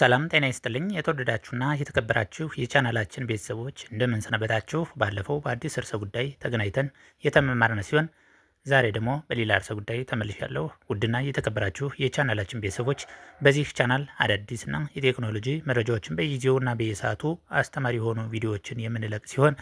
ሰላም ጤና ይስጥልኝ። የተወደዳችሁና የተከበራችሁ የቻናላችን ቤተሰቦች እንደምንሰነበታችሁ። ባለፈው በአዲስ እርሰ ጉዳይ ተገናኝተን የተመማርነ ሲሆን ዛሬ ደግሞ በሌላ እርሰ ጉዳይ ተመልሻለሁ። ውድና የተከበራችሁ የቻናላችን ቤተሰቦች በዚህ ቻናል አዳዲስና የቴክኖሎጂ መረጃዎችን በየጊዜውና በየሰዓቱ አስተማሪ የሆኑ ቪዲዮዎችን የምንለቅ ሲሆን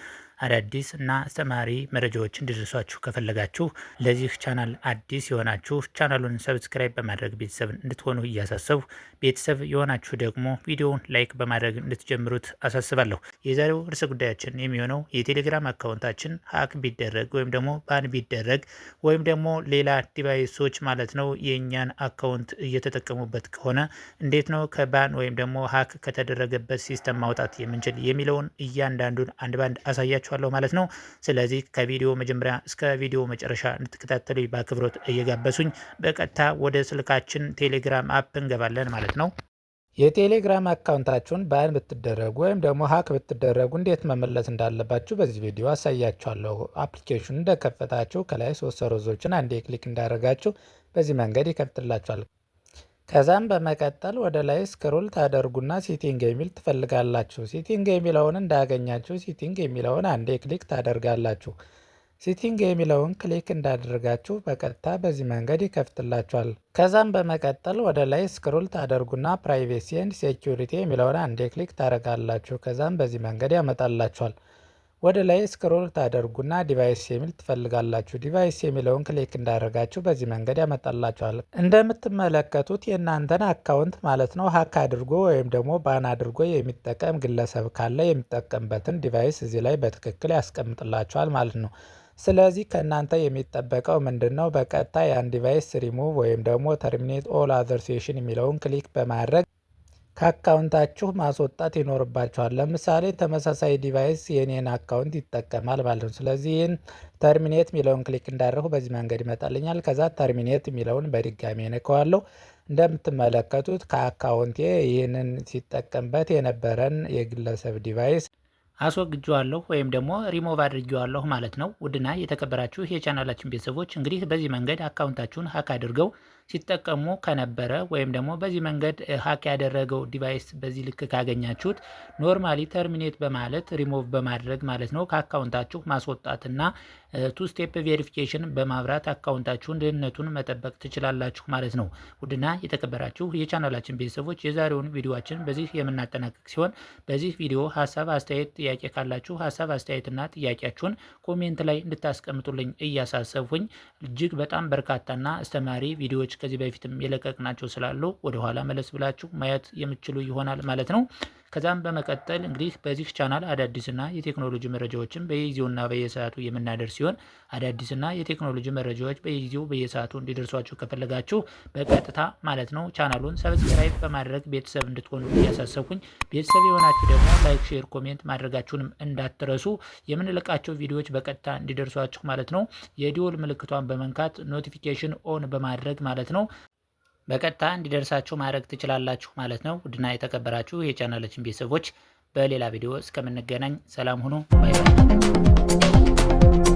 አዳዲስ እና አስተማሪ መረጃዎች እንዲደርሷችሁ ከፈለጋችሁ ለዚህ ቻናል አዲስ የሆናችሁ ቻናሉን ሰብስክራይብ በማድረግ ቤተሰብ እንድትሆኑ እያሳሰቡ ቤተሰብ የሆናችሁ ደግሞ ቪዲዮውን ላይክ በማድረግ እንድትጀምሩት አሳስባለሁ። የዛሬው ርዕሰ ጉዳያችን የሚሆነው የቴሌግራም አካውንታችን ሀክ ቢደረግ ወይም ደግሞ ባን ቢደረግ ወይም ደግሞ ሌላ ዲቫይሶች ማለት ነው የእኛን አካውንት እየተጠቀሙበት ከሆነ እንዴት ነው ከባን ወይም ደግሞ ሀክ ከተደረገበት ሲስተም ማውጣት የምንችል የሚለውን እያንዳንዱን አንድ ባንድ አሳያችሁ እላችኋለሁ ማለት ነው። ስለዚህ ከቪዲዮ መጀመሪያ እስከ ቪዲዮ መጨረሻ እንድትከታተሉ በአክብሮት እየጋበሱኝ በቀጥታ ወደ ስልካችን ቴሌግራም አፕ እንገባለን ማለት ነው። የቴሌግራም አካውንታችሁን ባን ብትደረጉ ወይም ደግሞ ሀክ ብትደረጉ እንዴት መመለስ እንዳለባችሁ በዚህ ቪዲዮ አሳያችኋለሁ። አፕሊኬሽኑ እንደከፈታችሁ ከላይ ሶስት ሰረዞችን አንዴ ክሊክ እንዳደረጋችሁ በዚህ መንገድ ይከፍትላችኋል። ከዛም በመቀጠል ወደ ላይ ስክሮል ታደርጉና ሲቲንግ የሚል ትፈልጋላችሁ። ሲቲንግ የሚለውን እንዳገኛችሁ ሲቲንግ የሚለውን አንዴ ክሊክ ታደርጋላችሁ። ሲቲንግ የሚለውን ክሊክ እንዳደረጋችሁ በቀጥታ በዚህ መንገድ ይከፍትላችኋል። ከዛም በመቀጠል ወደ ላይ ስክሮል ታደርጉና ፕራይቬሲ ኤንድ ሴኪሪቲ የሚለውን አንዴ ክሊክ ታደርጋላችሁ። ከዛም በዚህ መንገድ ያመጣላችኋል። ወደ ላይ ስክሮል ታደርጉና ዲቫይስ የሚል ትፈልጋላችሁ። ዲቫይስ የሚለውን ክሊክ እንዳደረጋችሁ በዚህ መንገድ ያመጣላችኋል። እንደምትመለከቱት የእናንተን አካውንት ማለት ነው ሀክ አድርጎ ወይም ደግሞ ባን አድርጎ የሚጠቀም ግለሰብ ካለ የሚጠቀምበትን ዲቫይስ እዚህ ላይ በትክክል ያስቀምጥላችኋል ማለት ነው። ስለዚህ ከእናንተ የሚጠበቀው ምንድን ነው? በቀጥታ ያን ዲቫይስ ሪሙቭ ወይም ደግሞ ተርሚኔት ኦል አዘር ሴሽን የሚለውን ክሊክ በማድረግ ከአካውንታችሁ ማስወጣት ይኖርባችኋል። ለምሳሌ ተመሳሳይ ዲቫይስ የኔን አካውንት ይጠቀማል ማለት ነው። ስለዚህ ይህን ተርሚኔት የሚለውን ክሊክ እንዳደረጉ በዚህ መንገድ ይመጣልኛል። ከዛ ተርሚኔት የሚለውን በድጋሚ ንከዋለሁ። እንደምትመለከቱት ከአካውንቴ ይህንን ሲጠቀምበት የነበረን የግለሰብ ዲቫይስ አስወግጀዋለሁ ወይም ደግሞ ሪሞቭ አድርጌዋለሁ ማለት ነው። ውድና የተከበራችሁ የቻናላችን ቤተሰቦች እንግዲህ በዚህ መንገድ አካውንታችሁን ሀክ አድርገው ሲጠቀሙ ከነበረ ወይም ደግሞ በዚህ መንገድ ሀክ ያደረገው ዲቫይስ በዚህ ልክ ካገኛችሁት ኖርማሊ ተርሚኔት በማለት ሪሞቭ በማድረግ ማለት ነው ከአካውንታችሁ ማስወጣትና ቱ ስቴፕ ቬሪፊኬሽን በማብራት አካውንታችሁን ደህንነቱን መጠበቅ ትችላላችሁ ማለት ነው። ውድና የተከበራችሁ የቻናላችን ቤተሰቦች የዛሬውን ቪዲዮችን በዚህ የምናጠናቀቅ ሲሆን በዚህ ቪዲዮ ሀሳብ፣ አስተያየት፣ ጥያቄ ካላችሁ ሀሳብ አስተያየትና ጥያቄያችሁን ኮሜንት ላይ እንድታስቀምጡልኝ እያሳሰብሁኝ እጅግ በጣም በርካታና አስተማሪ ቪዲዮዎች ከዚህ በፊትም የለቀቅናቸው ስላሉ ወደኋላ መለስ ብላችሁ ማየት የምችሉ ይሆናል ማለት ነው። ከዛም በመቀጠል እንግዲህ በዚህ ቻናል አዳዲስና የቴክኖሎጂ መረጃዎችን በየጊዜውና በየሰዓቱ የምናደርስ ሲሆን አዳዲስና የቴክኖሎጂ መረጃዎች በየጊዜው በየሰዓቱ እንዲደርሷችሁ ከፈለጋችሁ በቀጥታ ማለት ነው ቻናሉን ሰብስክራይብ በማድረግ ቤተሰብ እንድትሆኑ እያሳሰብኩኝ ቤተሰብ የሆናችሁ ደግሞ ላይክ፣ ሼር፣ ኮሜንት ማድረጋችሁንም እንዳትረሱ የምንለቃቸው ቪዲዮዎች በቀጥታ እንዲደርሷችሁ ማለት ነው የዲዮል ምልክቷን በመንካት ኖቲፊኬሽን ኦን በማድረግ ማለት ነው በቀጥታ እንዲደርሳችሁ ማድረግ ትችላላችሁ ማለት ነው። ውድና የተከበራችሁ የቻናላችን ቤተሰቦች በሌላ ቪዲዮ እስከምንገናኝ ሰላም ሁኑ። ባይ ባይ።